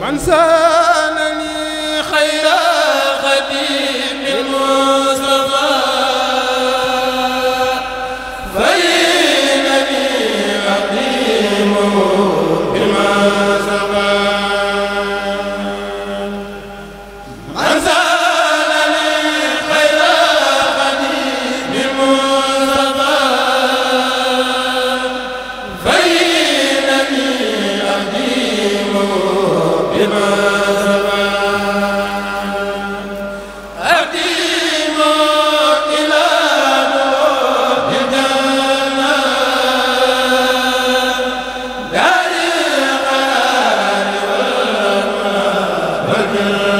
man sa Akbar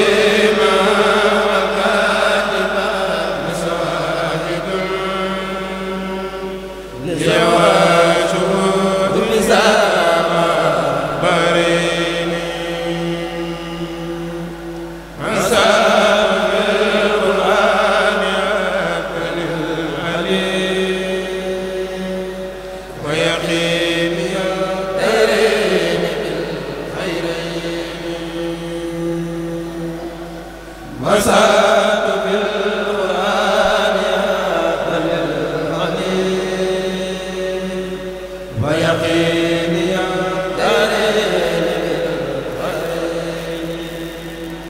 wasa